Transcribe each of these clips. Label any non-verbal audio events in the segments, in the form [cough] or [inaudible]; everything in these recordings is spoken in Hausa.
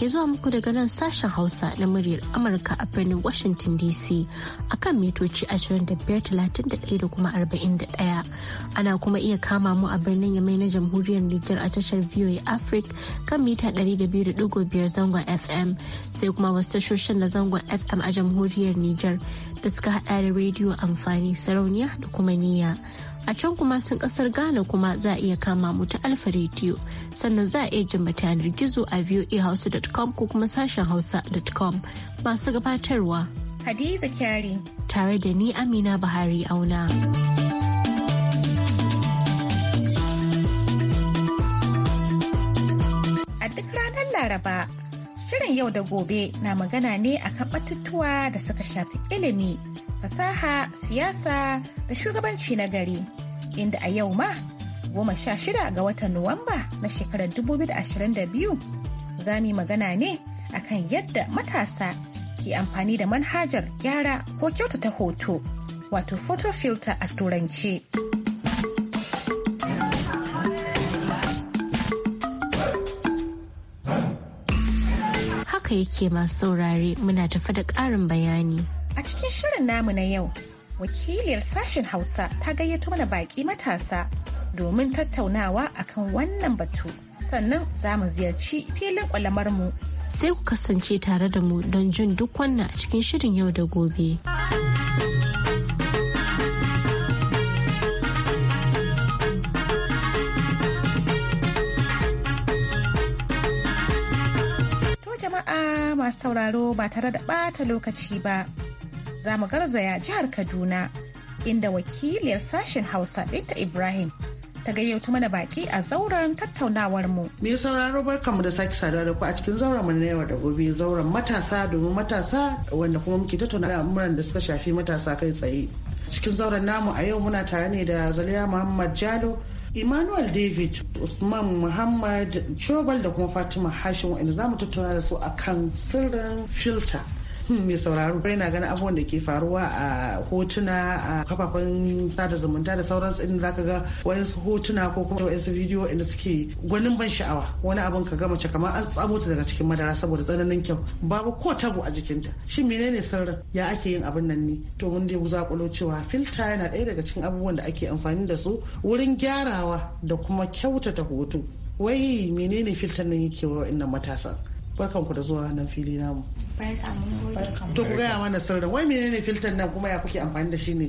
ke zuwa muku daga nan sashen Hausa na muryar Amurka a birnin Washington DC a kan mitoci 25,31 da kuma 41. Ana kuma iya kama mu a birnin Yamai na Jamhuriyar Nijar a tashar VOA Africa kan mita 200.5 zangon FM sai kuma wasu tashoshin na zangon FM a Jamhuriyar Nijar da suka hada da rediyo amfani sarauniya da kuma niyya. a can kuma sun kasar Ghana kuma za a iya kama mu ta Alfa rediyo sannan za a iya jin yanar gizo a voahausa.com hausa.com ko kuma sashen hausa.com masu gabatarwa. Hadiza Kyari. Tare da ni Amina Buhari auna. A duk ranar Laraba, shirin yau da gobe na magana ne a kan batutuwa da suka shafi ilimi, fasaha, siyasa da shugabanci na gari. Inda a yau ma goma sha shida ga watan Nuwamba na shekarar 2022 za mu yi magana ne akan yadda matasa ke amfani da manhajar gyara ko kyautata hoto wato photo filter a Turanci. Haka yake masu saurare muna tafi da ƙarin bayani. A cikin shirin namu na yau, wakiliyar sashen Hausa ta gayyato mana baƙi matasa domin tattaunawa akan wannan batu. sannan za mu ziyarci filin mu. Sai ku kasance tare da mu don jin duk wannan a cikin shirin yau da gobe. To jama'a masu sauraro ba tare da ɓata lokaci ba, za mu garzaya jihar Kaduna. Inda wakiliyar sashen Hausa Binta Ibrahim ta gayyato mana baki a zauren tattaunawar mu. Me sauraro mu da sake saduwa da ku a cikin zauren mu na yau da gobe zauren matasa domin matasa wanda kuma muke tattauna al'amuran da suka shafi matasa kai tsaye. Cikin zauren namu a yau muna tare ne da Zaliya Muhammad Jalo Emmanuel David, Usman Muhammad, Chobal da kuma Fatima Hashim wa'anda za mu tattauna da su akan sirrin filter. Hmm, mai sauraro yana ganin abubuwan da ke faruwa a hotuna a kafafen sada zumunta da sauran sauransu inda ka ga wayansu hotuna ko kuma wayansu bidiyo inda suke gwanin ban sha'awa wani abin ka gama mace kamar an tsamo ta daga cikin madara saboda tsananin kyau babu ko tabo a jikinta shin menene sirrin ya ake yin abin nan ne to mun dai zakulo cewa filta yana ɗaya daga cikin abubuwan da ake amfani da su wurin gyarawa da kuma kyautata hoto wai menene filtan nan yake wa matasa barkanku da zuwa nan fili namu to ku gaya mana sirrin wai menene filtan nan kuma ya kuke amfani da shi ne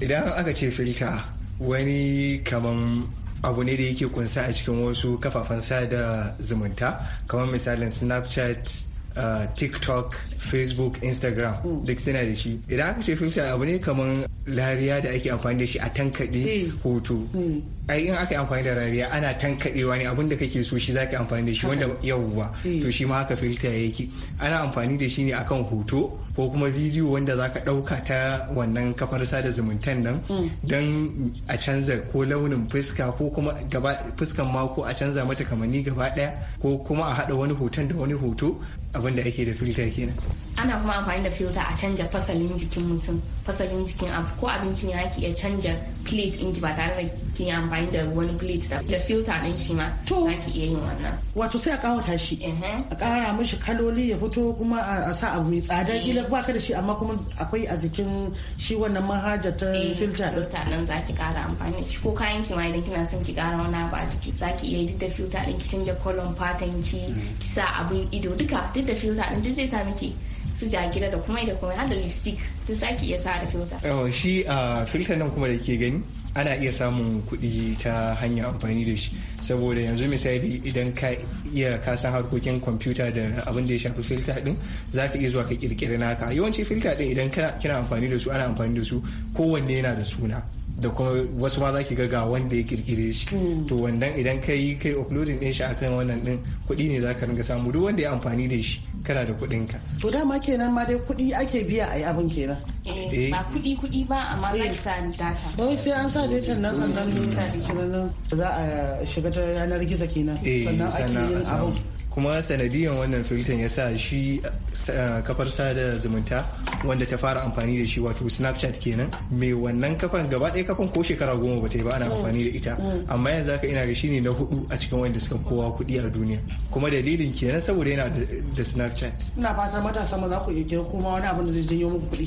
idan aka ce filta wani kaman abu ne da yake kunsa a cikin wasu kafafen sada zumunta kamar misalin snapchat uh, tiktok facebook instagram mm. duk suna da shi idan aka ce filta abu ne kamar lariya da ake amfani da shi a tankaɗe eh. hoto mm. ai in aka amfani da rariya ana tankadewa ne abinda kake so shi zaka amfani da shi wanda yawwa eh. to shi ma haka filta yake ana amfani da shi ne akan hoto ko kuma bidiyo wanda zaka ɗauka ta wannan kafar sada zumuntan nan mm. don a canza ko launin fuska ko kuma gaba fuskan ma ko a canza mata kamanni gaba daya ko kuma a haɗa wani hoton da wani hoto abinda ake da filta kenan ana kuma amfani da filter a canja fasalin jikin mutum fasalin jikin abu ko abinci ne ake iya canja plate in ba tare da ke amfani da wani plate da filter din shi ma to ki iya yin wannan wato sai a kawata shi a kara mishi kaloli ya fito kuma a sa abu mai tsada eh. kila ba ka da shi amma kuma akwai a jikin shi wannan manhaja ta eh, filter din filter din ki kara amfani shi ko kayan ki ma idan kina son ki kara wani abu a jiki Za ki iya duk da filter din ki canja color pattern ki mm. ki sa abun ido duka duk da filter din duk zai sa miki su jagira da kuma da kuma har lipstick su sake iya sa da filter oh shi a uh, filter nan kuma da ke gani ana iya samun kuɗi ta hanyar amfani da shi saboda yanzu misali idan ka iya kasan harkokin kwamfuta da abin da ya shafi filta din za ka iya zuwa ka kirkiri naka yawanci filta din idan kina amfani da su ana amfani da su kowanne yana da suna da kuma wasu ma za ki ga wanda ya kirkire shi hmm. to wannan idan ka yi kai uploading din shi akan wannan din kuɗi ne za ka ringa samu duk wanda ya amfani da shi kana da kuɗin ka. To dama kenan ma dai kuɗi ake biya a yi abin kenan. Eh, ba kuɗi kuɗi ba amma za sa data. Ba sai an sa data nan eh, sannan za a shiga ta yanar gizo kenan eh, sannan ake yin abin. kuma sanadiyan wannan filtan ya sa shi eh, kafar sada zumunta wanda ta fara amfani da shi wato snapchat kenan mai wannan kafan gaba ɗaya kafan ko shekara goma ba ta yi ba ana amfani da ita amma yanzu haka ina ga shi ne na hudu a cikin wanda suka kowa kuɗi a duniya kuma dalilin kenan saboda yana da snapchat ina fatan matasa maza ku iya kuma wani abin da zai janyo muku kuɗi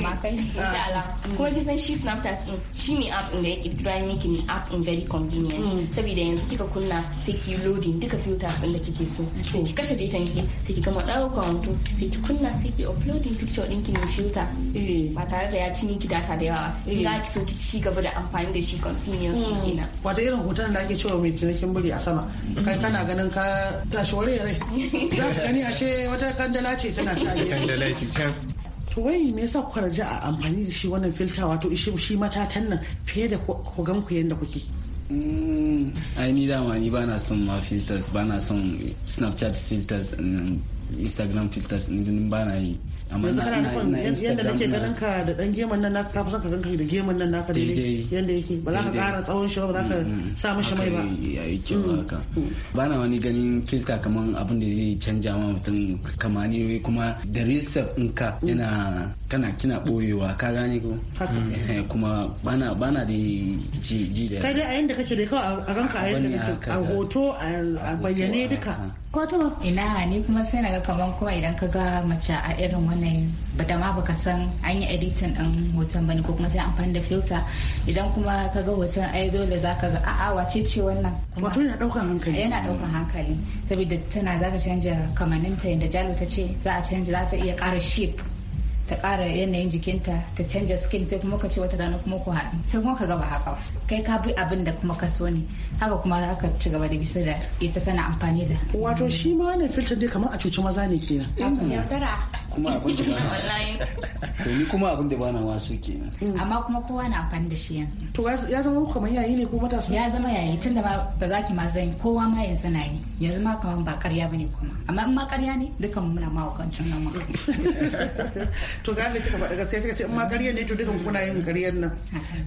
ma kai insha mm. kuma shi Snapchat din shi ne app din da ya kirkira ya miki app din very convenient mm. saboda yanzu kika kunna sai ki loading duka filters din da kike so mm. sai ki kashe datan ki sai ki gama daukan hoto sai ki kunna sai ki uploading picture din ki ne filter eh. ba tare da ya ci miki data da yawa ba ki eh. so ki ci gaba da amfani da shi continuously kenan wata irin hoton da ake cewa mai cinikin buri a sama kai kana ganin ka tashi wari rai [laughs] za ka gani ashe wata kandala ce tana ta [laughs] kandala ce can to wai me yasa kuka raja a amfani da shi wannan filta wato shi matatan nan fiye da ku gan ku yanda kuke mm, ai ni dama ni na son ma filters na son snapchat filters mm, instagram filters din ba na yi amma na instagram na yadda nake ganin ka da dan geman nan naka kafa saka ganka da geman nan naka daidai yadda yake ba za ka kara tsawon shi ba za ka mm, mm. sa mishi mai ba yayi kyau mm. haka ba na wani ganin filter kamar abin da zai canja ma mutum kamani kuma da real self ɗinka yana kana kina boyewa ka gane ko eh, kuma bana bana da ji ji da kai dai a yanda kake da kawai a ranka a yanda kake a hoto a bayyane duka ko ta ina ni kuma sai naga kaman kuma idan ka ga mace a irin wannan ba da ma baka san an yi editing din hoton bane ko kuma sai amfani da filter idan kuma ka ga hoton ai dole zaka ga a'a wace ce wannan to yana daukan hankali yana daukan hankali saboda tana zaka canja kamanninta yanda jalo ta ce za a canja za ta iya ƙara shape ta ƙara yanayin jikinta ta canja skin sai kuma ka ce wata rana kuma ku haɗu sai kuma ka gaba haka kai ka bi abin da kuma ka so ne haka kuma za ka ci gaba da bisa da ita sana amfani da wato shi ma wannan filter dai kamar a cuci maza ne kenan eh, kuma abin da bana to ni kuma abin da wasu kenan amma kuma kowa na amfani da shi yanzu to ya zama kamar yayi ne ko matasa ya zama yayi tunda ba za ki ma zan kowa ma yanzu na yi yanzu ma kamar ba ƙarya bane kuma amma in ma ƙarya ne dukan muna ma kancin nan ma [laughs] to ga kika faɗa sai kika ce in ma ƙarya ne to dukan kuna yin ƙaryar nan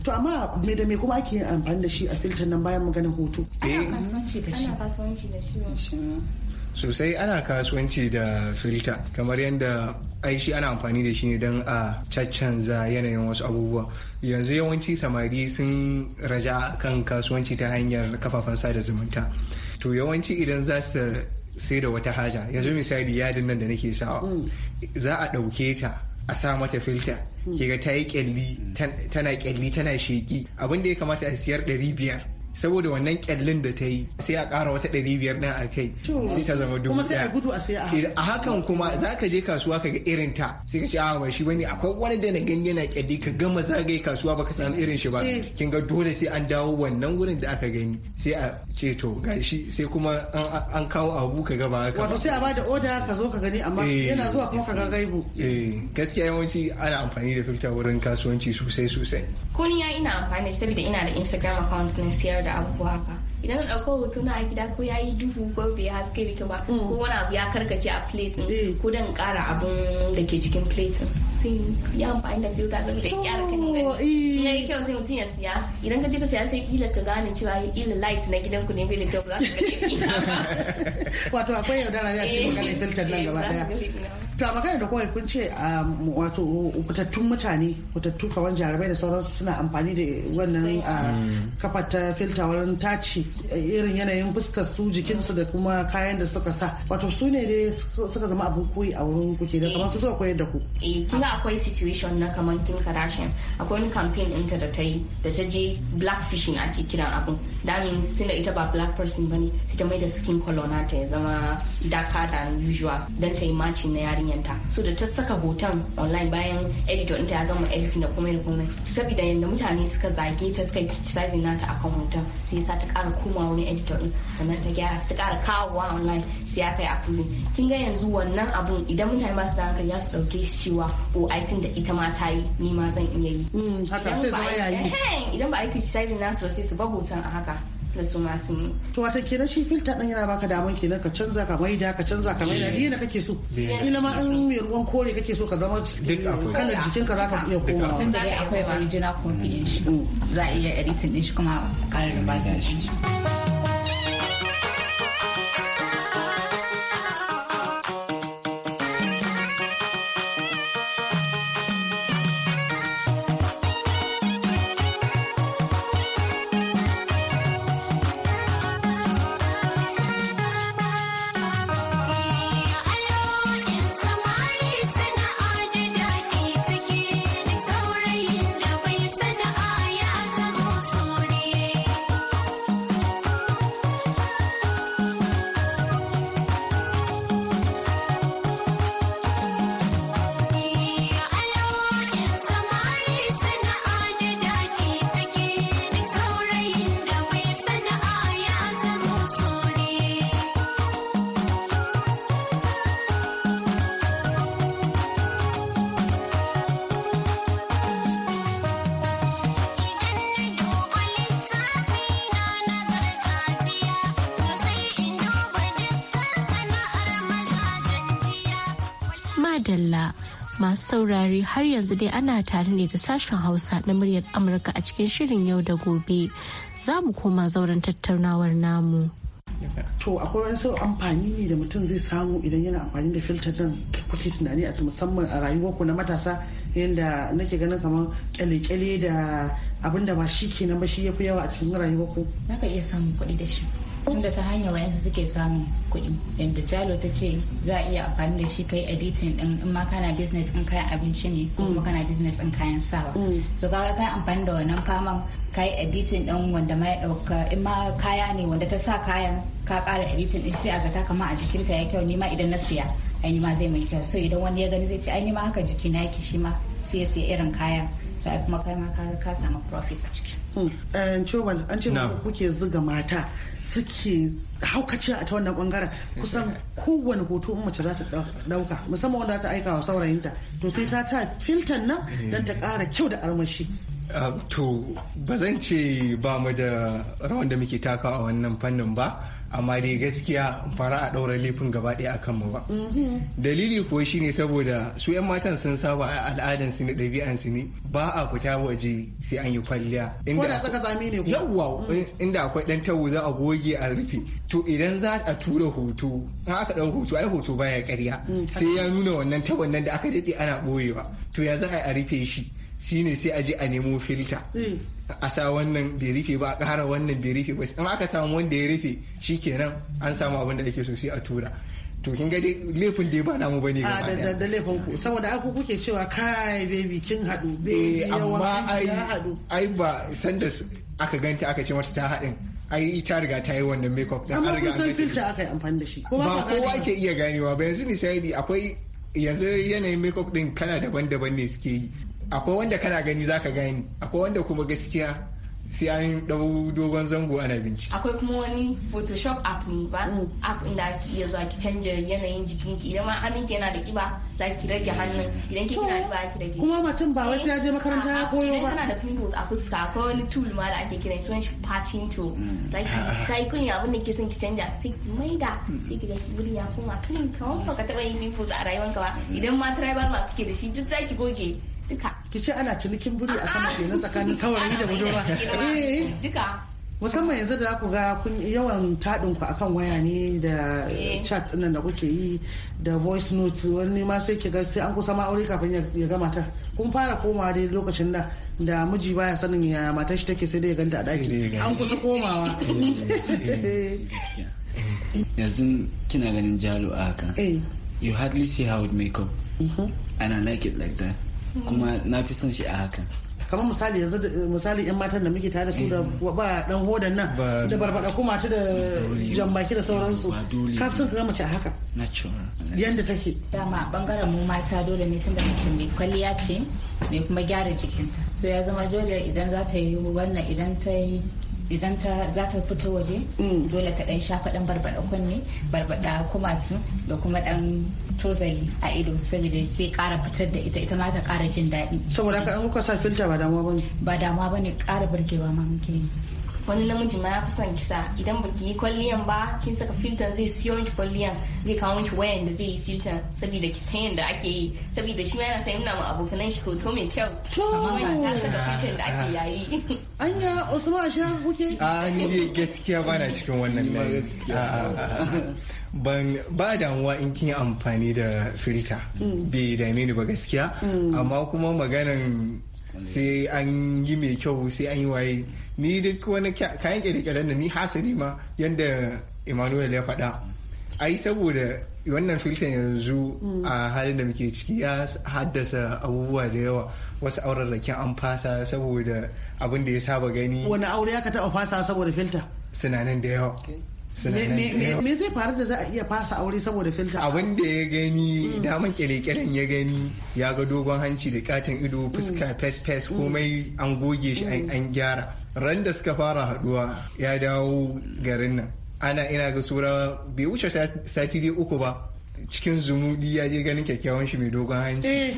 to amma me da me kuma ake yin amfani da shi a filter nan bayan maganin hoto ana kasuwanci da shi ana kasuwanci da shi sosai ana kasuwanci da filta kamar yadda aishi ana amfani da shi ne don a caccanza yanayin wasu abubuwa yanzu yawanci samari sun raja kan kasuwanci ta hanyar kafafen sada zumunta to yawanci idan za su sai da wata haja yanzu misali yadin nan da nake sawa za a ɗauke ta a sa mata filta kiga ta yi kyalli tana kyalli tana sheki abin da ya kamata a siyar ɗari biyar saboda wannan kyallin da ta yi sai a ƙara wata ɗari biyar ɗin a kai sai ta zama dubu ɗaya gudu a sai eh, a hakan kuma za ka je kasuwa ka ga irin ta sai ka ce a ah, ba shi bane akwai wani da na gani yana kyalli ka gama zagaye kasuwa baka samu irin shi ba eh. kin ga dole sai an dawo wannan wurin da aka gani sai a ce to gashi sai kuma an kawo abu ka gaba haka wato sai a bada oda ka zo ka gani amma eh. yana zuwa kuma ka ga gaibu gaskiya yawanci ana amfani da filta wurin kasuwanci sosai sosai ko ni ya ina amfani saboda ina da Instagram account na siyar da abu haka idan na ɗauko hoto na a gida ko ya yi duhu ko bai haske da ba ko mm. wani abu ya karkace a plate mm. ko dan ƙara abun da ke cikin plate Oh, sai [laughs] [laughs] ya amfani da filta saboda ya kyara eh, eh, eh, um, ah, hmm. kan gani yi kyau hmm. sai mutum ya siya idan ka je ka siya sai kila ka gane cewa kila light na gidan ku ne bai da kyau ba za ka wato akwai yaudara ya ce maganar filtar nan gaba daya to a magana da kawai kun ce wato kutattun mutane fitattu kawan jarabai da sauransu suna amfani da wannan kafa ta filta wurin taci irin yanayin fuskar su jikinsu da kuma kayan da suka sa wato su ne dai suka zama abin koyi a wurin kuke da kamar su suka koyar da ku. Eh, akwai situation na kamar kim kardashian akwai wani campaign ɗinta da ta yi da ta je black fishing ake kiran abun that means tunda ita ba black person bane sai ta mai da skin color na ya zama darker than usual dan ta yi matching na yarinyanta so da ta saka hoton online bayan editor ɗinta ya gama editing da komai da komai saboda yadda mutane suka zage ta suka yi criticizing nata akan hoton sai sa ta kara komawa wani editor ɗin sannan ta gyara ta kara kawowa online sai ya kai approving kin ga yanzu wannan abun idan mutane ba su da hankali za su ɗauke shi cewa oh, a yi tun da ita ma ta yi ni ma zan iya yi hmm, idan ba a yi criticizing nasu ba sai su ba hoton a haka da su masu yi. To wata kenan shi filta dan yana baka daman kenan ka canza ka maida ka canza ka maida ni yana kake so. Ina ma an mai ruwan kore kake so ka zama kalan jikin ka ka iya koma. Sun da akwai original copy din shi. Hmm. Za a iya editing din shi kuma ƙarar da ba shi. saurare har yanzu dai ana tare ne da sashen Hausa na muryar Amurka a cikin shirin yau da gobe. Za mu koma zauren tattaunawar namu. To akwai wani sauran amfani ne da mutum zai samu idan yana amfani da filter don kuke tunani a musamman a rayuwarku na matasa yadda nake ganin kamar kyale-kyale da abinda da ba shi kenan ba shi ya fi yawa a cikin rayuwarku. na ka iya samun kuɗi da shi. tunda ta hanyar wayansu suke samun kuɗi yadda jalo ta ce za a iya amfani da shi kai editin din in ma kana business in kayan abinci ne kuma kana business in kayan sawa mm. so kaga kai amfani da wannan faman kai editin din wanda ma ya dauka in ma kaya ne wanda ta sa kayan ka kara editin din sai a zata kamar a jikinta ya kyau ni ma idan na siya ai ma zai mai kyau so idan wani ya gani zai ce ai ni ma haka jiki na yake shi ma sai ya siya irin kayan kuma kai ka samu profit a ciki. Cewal hmm. eh, an ce kuke zuga mata suke haukace a ta wannan bangaren kusan kowane hoto in mace za ta dauka musamman wanda ta aika wa saurayinta to sai ta ta filtan nan dan ta kara kyau da armashi. Eh, to ba zan ce ba mu da rawan da muke taka a wannan fannin ba amma dai gaskiya fara a ɗaura laifin gaba ɗaya a kanmu ba dalili kuwa shine saboda su 'yan matan sun saba a al'adan su ne ɗabi'an su ne ba a fita waje sai an yi kwalliya inda tsaka zami yawwa mm. inda akwai ɗan tawo za a goge a rufe to idan za a tura hoto in aka ɗau hoto ai hoto baya karya mm. sai ya nuna wannan tawon nan da aka daɗe ana ɓoyewa to ya za a rufe shi shine sai a je a nemo filta hmm. a sa wannan bai rufe ba a ƙara wannan bai rufe ba in aka samu wanda ya rufe shi kenan an samu abin da ake so sai a tura to kin ga laifin da ba namu bane ga ah, da da laifin ku saboda ai ku kuke cewa kai baby kin hadu baby eh, amma ai ai ba sanda aka ganta aka ce mata ta hadin ai ta riga ta yi wannan up da an riga an filta aka yi amfani da shi ba kowa ke iya ganewa ba yanzu misali akwai yanzu yanayin up din kala daban-daban ne suke yi akwai wanda kana gani zaka gani akwai wanda kuma gaskiya sai an dau dogon zango ana binci akwai kuma wani photoshop app ne ba mm. app da ake iya zuwa ki canja yanayin jikinki idan ma hannunki yana da kiba za ki rage hannun idan ki kina kiba ki rage kuma mutum ba wai sai je eh, makaranta ya koyo ba idan kana da pimples a fuska akwai wani tool ma da ake kira sunan shi patching tool mm. like [laughs] sai kun ya abin da ke son ki canja sai ki maida sai ki ga ki wuri ya koma clean kawai ba ka taba yin pimples a rayuwanka ba mm. idan ma tribal ma kike da shi duk za ki goge duka ki ce ana cinikin buri a sama na tsakanin saurayi da budurwa eh. duka musamman yanzu da ku ga kun yawan taɗin ku akan waya ne da eh. chat nan da kuke yi da voice notes wani ma sai ki ga sai an kusa ma aure kafin ya ga matar kun fara komawa dai lokacin da da miji baya sanin ya matar shi take sai dai ya ganta a daki an kusa komawa eh, [laughs] yanzu kina ganin jalo a haka you hardly see how it make up mm-hmm. and i like it like that kuma na fi son shi a hakan kamar misali yanzu misali yan matan da muke tare su da ba dan hodan nan da barbada kuma ta da jambaki da sauransu ka sun ka mace a haka yanda take dama bangaren mu mata dole ne tunda mace mai kwalliya ce mai kuma gyara jikinta so ya zama dole idan za ta yi wannan idan ta yi idan ta za ta fito waje mm. dole ta dan shafa dan barbada kunne barbada kumatu da kuma dan tozali a ido saboda sai kara fitar da ita ita ma ta kara jin daɗi saboda ka an kuka sa filta ba damuwa bane ba damuwa bane kara burgewa ma muke wani namiji ma ya fi son kisa idan ba ki yi kwalliyan ba kin saka filtan zai siyo miki kwalliyan zai kawo miki wayan da zai yi filtan saboda ki san yadda ake yi saboda shi ma yana sayi nuna ma abokanan shi hoto mai kyau amma ba saka filtan da ake yayi An [laughs] anya usman sha kuke a ni gaskiya ba na cikin wannan gaskiya ban ba damuwa in kin amfani da filta mm. bai dame ni ba gaskiya mm. amma kuma maganan sai an yi mai kyau sai an yi waye ni duk wani kayan kyale-kyalen da ni hasari ma yadda emmanuel ya faɗa ai saboda wannan filta yanzu mm. a halin da muke ciki ya haddasa abubuwa da yawa wasu aurarrakin an fasa saboda abin da ya saba gani wani aure ya ka taɓa fasa saboda filta sinanan da yawa me zai faru da za a iya fasa aure saboda filta abin da ya gani mm. daman kyalekyalen ya gani ya ga dogon hanci da katin ido fuska mm. fes fes komai an goge shi an gyara ran da suka fara haduwa ya dawo garin nan ana ina ga sura bai wuce sati dai uku ba cikin zumudi ya je ganin kyakkyawan shi mai dogon hanci eh.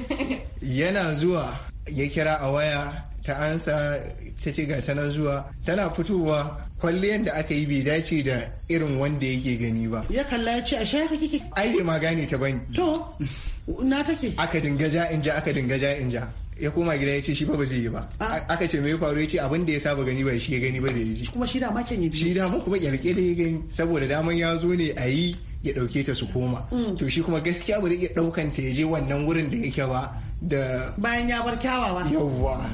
yana zuwa ya kira a waya ta ansa ta ce ga tana zuwa tana fitowa kwalliyan da aka yi bai dace da irin wanda yake gani ba ya kalla ya ce a sha shaka kike ai bai ma gane ta bani to na take aka dinga ja in ja aka dinga ja in ja ya koma gida ya ce shi ba zai yi ba ah. aka ce me faru ya ce abin da ya saba gani ba shi ya gani ba da ya ji kuma shi dama yi shi dama kuma kyarke da ya gani saboda daman ya zo ne a yi ya dauke ta su koma mm. to shi kuma gaskiya ba zai iya daukan ta ya je wannan wurin da yake ba da bayan ya bar kyawawa yawwa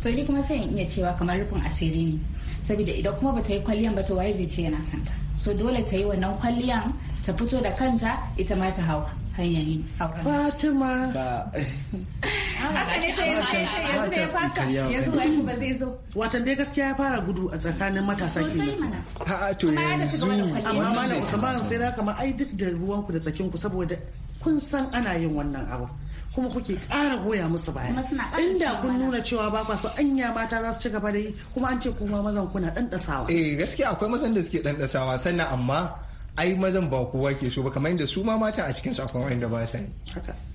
to ni kuma sai in iya cewa kamar rufin asiri ne saboda idan kuma ba ta yi kwalliyan ba to waye zai ce yana santa so dole ta yi wannan kwalliyan ta fito da kanta ita ma ta hawa hanyar Fatima haka ne ta da ya fasa zai zo watan dai gaskiya ya fara gudu a tsakanin matasa ke a to yanzu amma mana Usman sai na kama ai duk da ruwanku da tsakin ku saboda kun san ana yin wannan abu kuma kuke ƙara goya musu baya inda kun nuna cewa ba kwa so anya mata za su ci gaba da yi kuma an ce kuma mazan kuna ɗanɗasawa eh gaskiya akwai mazan da suke ɗanɗasawa sannan amma ai mazan ba kowa ke so ba kamar yadda su ma mata a cikin su akwai da ba sa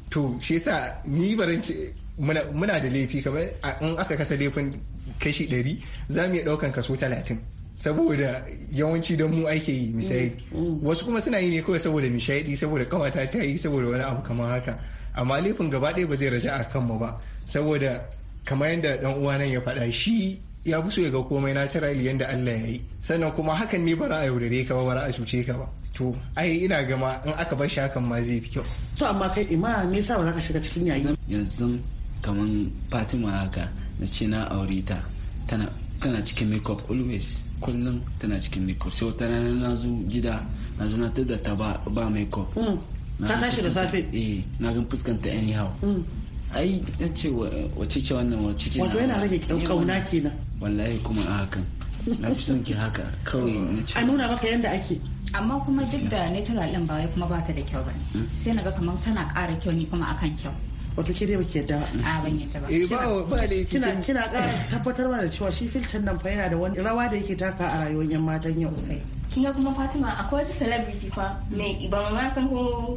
to shi yasa ni barin muna da laifi kamar in aka kasa laifin kashi ɗari za mu iya ɗaukan kaso talatin saboda yawanci don mu ake yi misali mm. wasu kuma suna yi ne kawai saboda nishaɗi saboda kawata ta yi saboda wani abu kamar haka amma laifin gaba ɗaya ba zai raja a kanmu ba saboda kamar yadda ɗan uwa nan ya faɗa shi ya busu ya ga komai na natural da Allah ya yi sannan kuma hakan ne ba za a yaudare ka ba ba za a cuce ka ba to ai ina gama in aka bar shi hakan ma zai fi kyau to amma kai ima me yasa ba za ka shiga cikin yayi yanzu kaman Fatima haka na ce na aure ta tana tana cikin makeup always kullum tana cikin makeup sai wata rana na zo gida na zo na tada ta ba makeup ka mm. tashi da safe eh na ga fuskanta anyhow mm. ai dan ce wace ce wannan wace ce wato yana rage kauna kenan wallahi kuma a hakan na fi son ki haka kawai a nuna maka yadda ake amma kuma duk da natural din ba wai kuma ba ta da kyau bane hmm? sai naga kamar tana ƙara kyau ni kuma akan kyau wato ke dai baki yadda a ban yadda ba eh ba ba kina kina ƙara tabbatar mana cewa shi filtan nan fa yana da wani rawa da yake taka a rayuwar yan matan yau sosai kinga kuma Fatima akwai wata celebrity fa mai ban ma san ko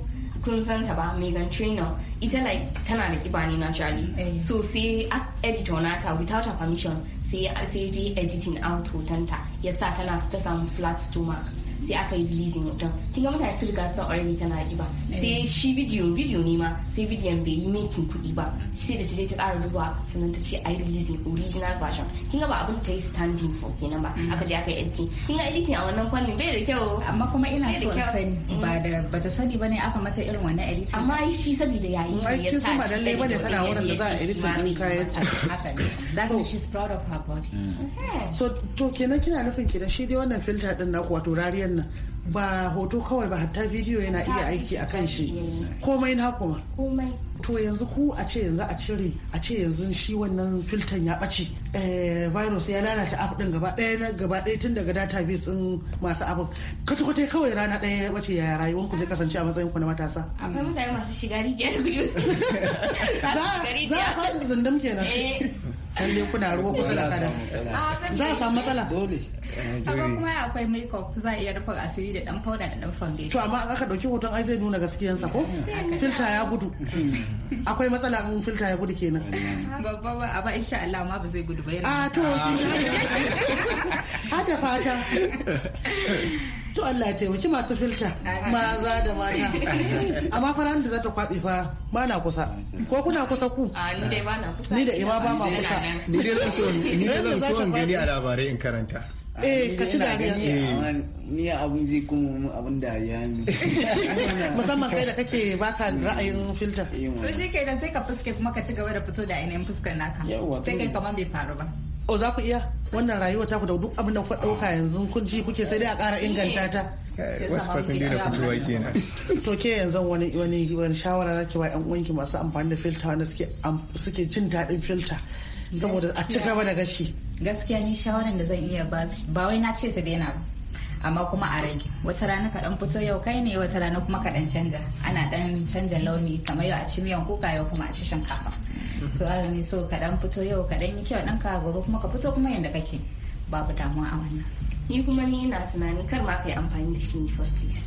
kun san ta ba Megan Trainor ita like tana da kiba ne naturally hey. Eh. so sai editor nata without her permission sai sai je editing out hotonta ya sa tana ta samu flat stomach sai aka yi releasing din kin ga mutane sun riga sun already tana riba eh. sai shi video video ne ma sai bidiyon bai yi making kuɗi ba sai da ta je ta ƙara duba sannan ta ce ai releasing original version kin ga ba abin ta yi standing for kenan ba mm. aka je aka yi editing kin ga editing a wannan fannin bai da kyau amma kuma ina so mm. sani ba da ta sani ne aka mata irin wannan editing amma shi saboda yayi ya sa shi ba lalle bane kana wurin da za a editing din kayan [laughs] that means oh. she's proud of her body mm. so to kenan kina nufin kenan shi dai wannan filta din naku wato rariyan nan ba hoto kawai ba hatta bidiyo yana iya aiki a kan shi komai na kuma to yanzu ku a ce yanzu a cire a ce yanzu shi wannan filtan ya ɓace eh, virus ya lalata app din gaba ɗaya na gaba ɗaya tun daga database din masu abin kwata kwata kawai rana ɗaya ya ɓace yaya rayuwar ku zai kasance a matsayin ku na matasa akwai mutane masu shiga rijiyar gudu [laughs] za a fara zindam kenan eh. lalle kuna ruwa kusa da kada za a ah, samu matsala dole amma kuma akwai makeup za a iya rufe asiri da dan powder da dan foundation to amma aka dauki hoton ai zai nuna sa ko filta ya gudu hmm. akwai matsala in filta ya gudu kenan babba ba amma insha Allah ma ba zai gudu ba a ah, to a ga fata [laughs] to Allah ya taimaki masu filta maza da mata amma faran da za ta kwaɓe fa ba na kusa ko kuna kusa ku ni dai ba na kusa ni da ima ba ma kusa ni dai zan so ni dai zan so in gani a labarai in karanta eh ka ci dariya ni Ni abin zai kuma abin dariya ne [laughs] musamman kai da kake baka ra'ayin filta so shi kenan sai ka fuske kuma ka ci gaba da fito da ainihin fuskar naka sai kai kamar bai faru ba o za ku iya wannan rayuwa ta ku da duk abin da ku dauka yanzu kun ji kuke sai dai a ƙara inganta ta wasu fasin da fitowa kenan [laughs] to ke yanzu wani wani wani shawara zaki ba yan uwanki masu amfani da filta wanda suke suke jin daɗin filta saboda a ci gaba da gashi gaskiya ni shawaran da zan iya ba ba wai na ce su daina ba amma kuma a rage wata rana ka dan fito yau kai ne wata rana kuma ka dan canja ana dan canja launi kamar yau a ci miyan kuka yau kuma a ci shinkafa so aka so ka dan fito yau ka dan yi kyau dan ka gobe kuma ka fito kuma yanda kake babu damuwa a wannan ni kuma ni ina tunani kar ma kai yi amfani da shi first place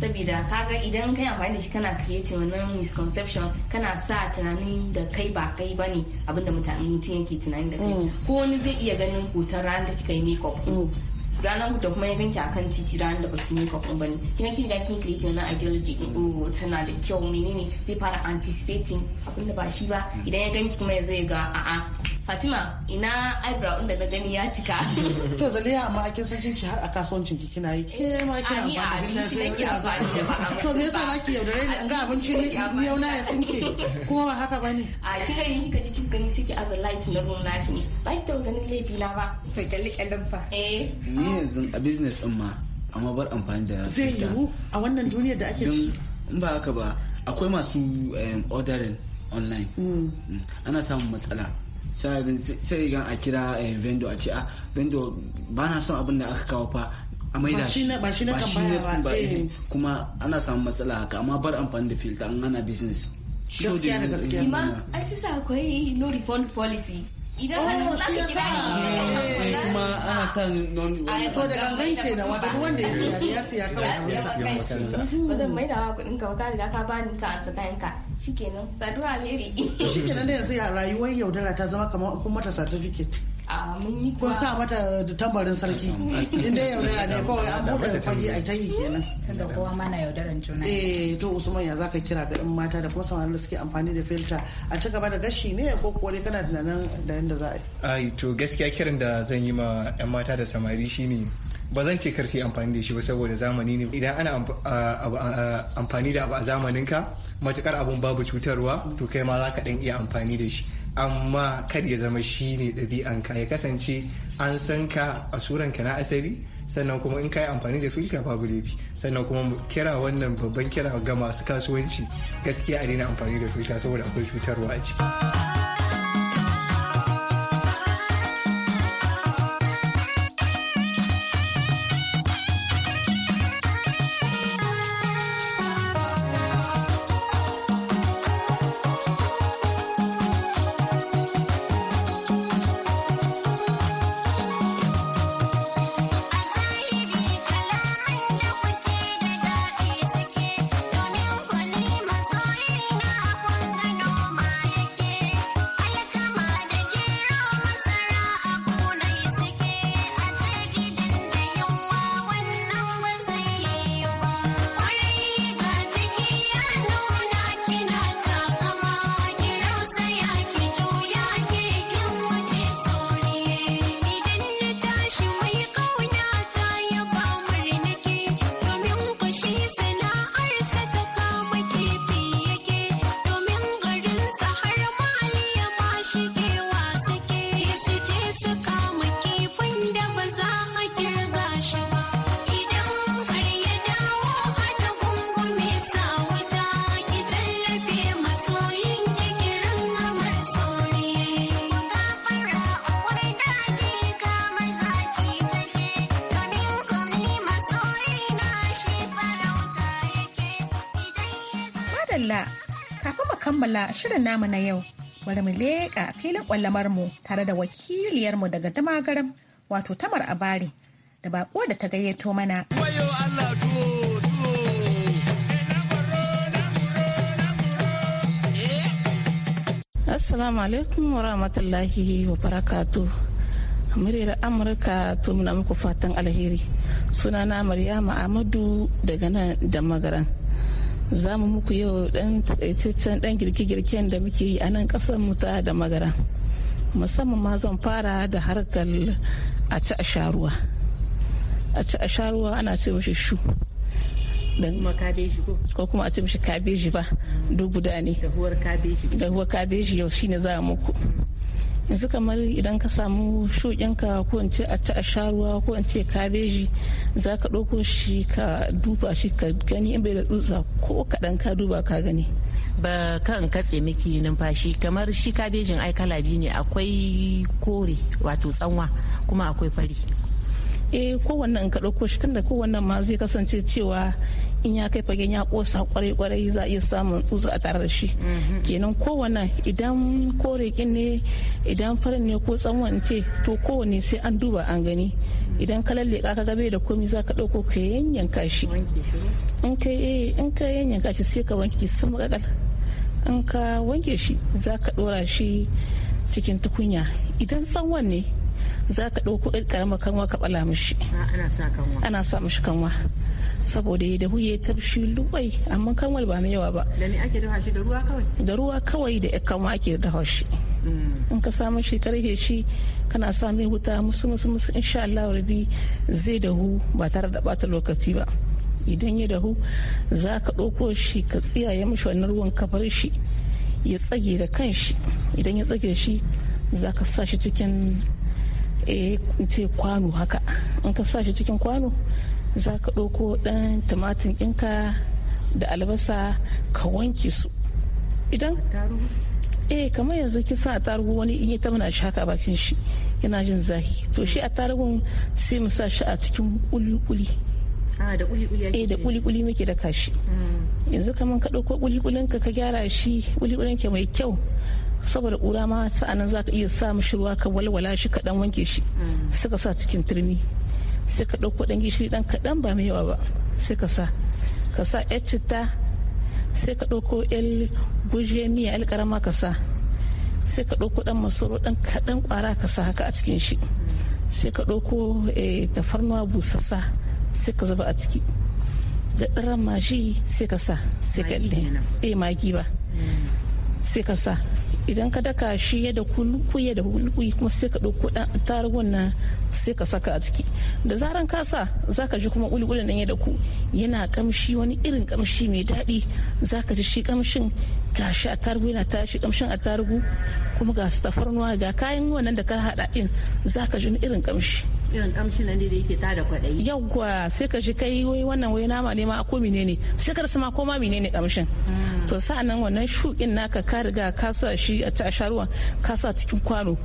saboda kaga idan kai amfani da shi kana creating wannan misconception kana sa tunanin da kai ba kai ba ne abinda mutane mutum yake tunani da kai mm. ko wani zai iya ganin ta ranar da kika yi makeup mm. ranar da kuma ya ganki akan titi ranar da su yi kwakwan bane kin kin da kin create wannan ideology din oh tana da kyau menene zai fara anticipating abin da ba shi ba idan ya ganki kuma ya zai ga a'a Fatima ina eyebrow din da na gani ya cika [laughs] to zaliya amma ake san kinki har a kasuwancin ki kina yi ke eh, ma kina amfani da abinci nake amfani da ba to me yasa zaki yaudare ne in ga abinci ne yau na ya tsinke kuma ba haka bane a kika yin kika ji kika gani suke as a light na ruwan naki ne ba ki ta ganin laifi na ba to kyalle kyallen fa eh ah, ni yanzu a business din ma amma bar amfani da zai yiwu a wannan duniyar da ake ciki in ba haka ba akwai masu ordering online mm. Mm. ana samun matsala sai gan a kira vendor a ce a ah, vendor ba na son abin da aka kawo fa a da shi ba shi na kan ba eh. Eh, kuma ana samun matsala haka amma bar amfani da filter an ana business gaskiya da gaskiya ma ai sai akwai no refund policy idan oh, har za ka kira ni kuma ana sa non to da gangan a ba zan maida kuɗin ka ba bani ka ansa kayan shikenan saduwa alheri shikenan da yanzu rayuwar yaudara ta zama kamar kun mata certificate kun sa mata tambarin sarki in yaudara ne kawai an buɗe fage a ta yi kenan tunda kowa mana yaudaran juna eh to usman ya zaka kira ga yan mata da kuma samarin da suke amfani da filta a ci gaba da gashi ne ko kuwa dai kana tunanin da yanda za a yi to gaskiya kiran da zan yi ma yan mata da samari shine ba zan ce kar su yi amfani da shi ba saboda zamani ne idan ana amfani da abu a zamaninka matukar abun babu cutarwa to kai ma za ka ɗan iya amfani da shi amma kar ya zama shi ne ɗabi'anka ya kasance an san ka a suranka na asali sannan kuma in ka yi amfani da filka babu laifi sannan kuma kira wannan babban kira ga masu kasuwanci gaskiya a daina amfani da filka saboda akwai cutarwa a ciki. Allah kafin mu kammala shirin namu na yau bari mu leƙa filin ƙwallamar mu tare da wakiliyarmu daga damagaram wato tamar abari da bako da ta gayyato mana. Assalamu alaikum wa rahmatullahi wa barakatu. Muryar Amurka to muna muku fatan alheri. Sunana Maryama Amadu daga nan da magaran. za mu muku yau dan takaitaccen dan girke-girken da muke yi a nan kasar mu ta da magara musamman ma zan fara da harkar a ci a sharuwa a ci a sharuwa ana ce mashi shu ko kuma a ce mashi kabeji ba dubu guda ne da huwar kabeji yau shine za muku yanzu kamar idan ka samu ka ko in ce a ci a sha ruwa ko in ce kabeji za ka ɗauko shi ka duba shi ka gani in bai da dutsa ko kaɗan ka duba ka gani ba kan katse miki numfashi kamar shi kabejin ai kala biyu ne akwai kore wato tsanwa kuma akwai fari eh kowanne in ka ɗauko shi tunda kowanne ma zai kasance cewa in ya kai fagen ya kosa kwarai kwarai za a iya samun tsutsu a tare da shi mhm. kenan kowanne idan korekin ne idan farin ne ko tsanwan ce to kowanne sai an duba an gani idan ka lalle ka gabe da komi za ka ɗauko ka yanyanka shi in ka yanyanka shi sai ka wanke sama kakal in ka wanke shi za ka ɗora shi cikin tukunya idan tsanwan ne za ka ɗauko ɗin ƙaramar kanwa ka ɓala mishi ah, ana sa mishi kanwa saboda ya dahu ya tafshi luwai amma kanwal ba mai yawa ba da ruwa kawai da ruwa kanwa ake dafa shi mm. in ka samu shi karhe shi kana sa mai wuta musu musu musu insha Allah rabi zai dahu ba tare da bata lokaci ba idan ya dahu za ka ɗauko shi ka tsiyaye mishi wannan ruwan ka bar shi ya tsage da kanshi idan ya tsage shi za ka sa shi cikin Eh, ce kwano haka in ka sa cikin kwano za ka ɗauko ɗan tumatir ɗinka da albasa ka wanke su idan eh kamar yanzu kin a tarugu wani in ya ta mana shi haka bakin shi yana jin zahi to shi a tarugun sai mu sa shi a cikin kuli-kuli ah, eh da kuli-kuli muke da kashi mm. yanzu kamar ka ɗauko kuli ka gyara shi kuli-kulin mai kyau saboda ƙura ma sa'anan za ka iya sa mishi ruwa ka walwala shi kaɗan wanke shi sai ka sa cikin turmi sai ka ɗauko ɗan gishiri ɗan kaɗan ba mai yawa ba sai ka sa ka sa yar citta sai ka ɗauko yar guje miya yar ƙarama ka sa sai ka ɗauko ɗan masoro ɗan kaɗan ƙwara ka sa haka a cikin shi sai ka ɗauko eh, tafarnuwa busassa sai ka zuba a ciki da ɗaran mashi sai ka sa sai ka ɗaya eh magi ba mm. sai ka sa idan ka daka shi ya da kulkuye da kulkuye kuma sai ka ɗauko ɗan tarugun nan sai ka saka a ciki da zaran ka sa za ka ji kuma ulikulin nan ya da ku yana kamshi wani irin kamshi mai daɗi za ka ji shi kamshin ga shi a tarugu yana tashi kamshin a tarugu kuma ga tafarnuwa ga kayan wannan da ka haɗa ɗin za ka ji wani irin kamshi irin kamshin nan da yake tada kwaɗayi. Yau kuwa sai ka shi kai wai wannan wai nama ne ma ko menene sai ka rasa ma ko ma menene kamshin. Mm. To sa'annan wannan shukin naka ka riga ka sa shi a ta sharuwa ka sa cikin kwano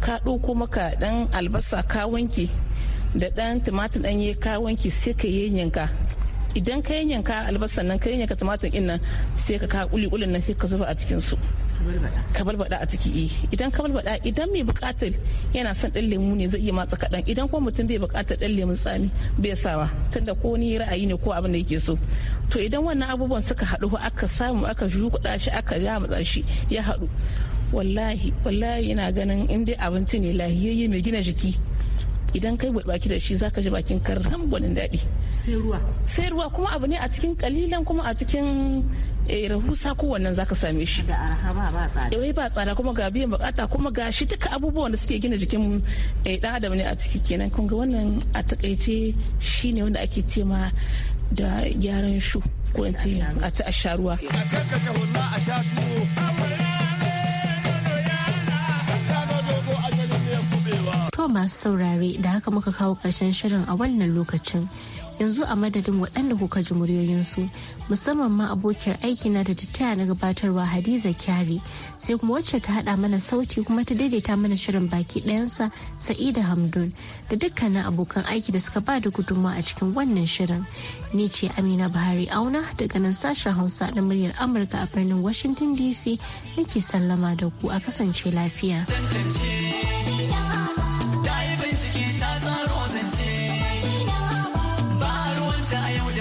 ka ɗauko maka ɗan albasa ka wanke da ɗan tumatir ɗanye ka wanke sai ka yanyanka. Idan ka yanyanka albasan nan ka yanyanka tumatir ɗin nan sai ka ka kuli kulin nan sai ka zuba a cikin su. ka a ciki eh. idan ka idan mai bukatar yana son dan lemu ne zai iya matsa kaɗan idan kuma mutum bai bukatar dan lemun tsami bai ba tunda ko ni ra'ayi ne ko abin da yake so to idan wannan abubuwan suka haɗu aka samu aka shukuɗa shi aka yamatsa shi ya haɗu wallahi wallahi ina ganin in dai abinci ne lahiyayye mai gina jiki idan kai baki da shi zaka ji bakin kan gwanin daɗi sai ruwa sai ruwa kuma abu ne a cikin kalilan kuma a cikin eh rahusa ko wannan zaka same shi da arha ba tsada eh ba tsada kuma ga biyan bukata kuma ga shi duka abubuwan da suke gina jikin eh dan adam ne a ciki kenan kun ga wannan a takaice shine wanda ake ce da gyaran shu ko in ce a ta asharuwa a kakkata wannan a masu saurare da haka muka kawo ƙarshen shirin a wannan lokacin. Yanzu a madadin waɗanda kuka ji muryoyinsu musamman ma abokiyar aikina da tattaya na gabatarwa Hadiza Kyari sai kuma wacce ta haɗa mana sauti kuma ta daidaita mana shirin baki ɗayansa Sa'ida Hamdun da dukkanin abokan aiki da suka ba da gudunmawa a cikin wannan shirin. Ni ce Amina Buhari Auna daga nan sashen Hausa na muryar Amurka a birnin Washington DC nake sallama da ku a kasance lafiya.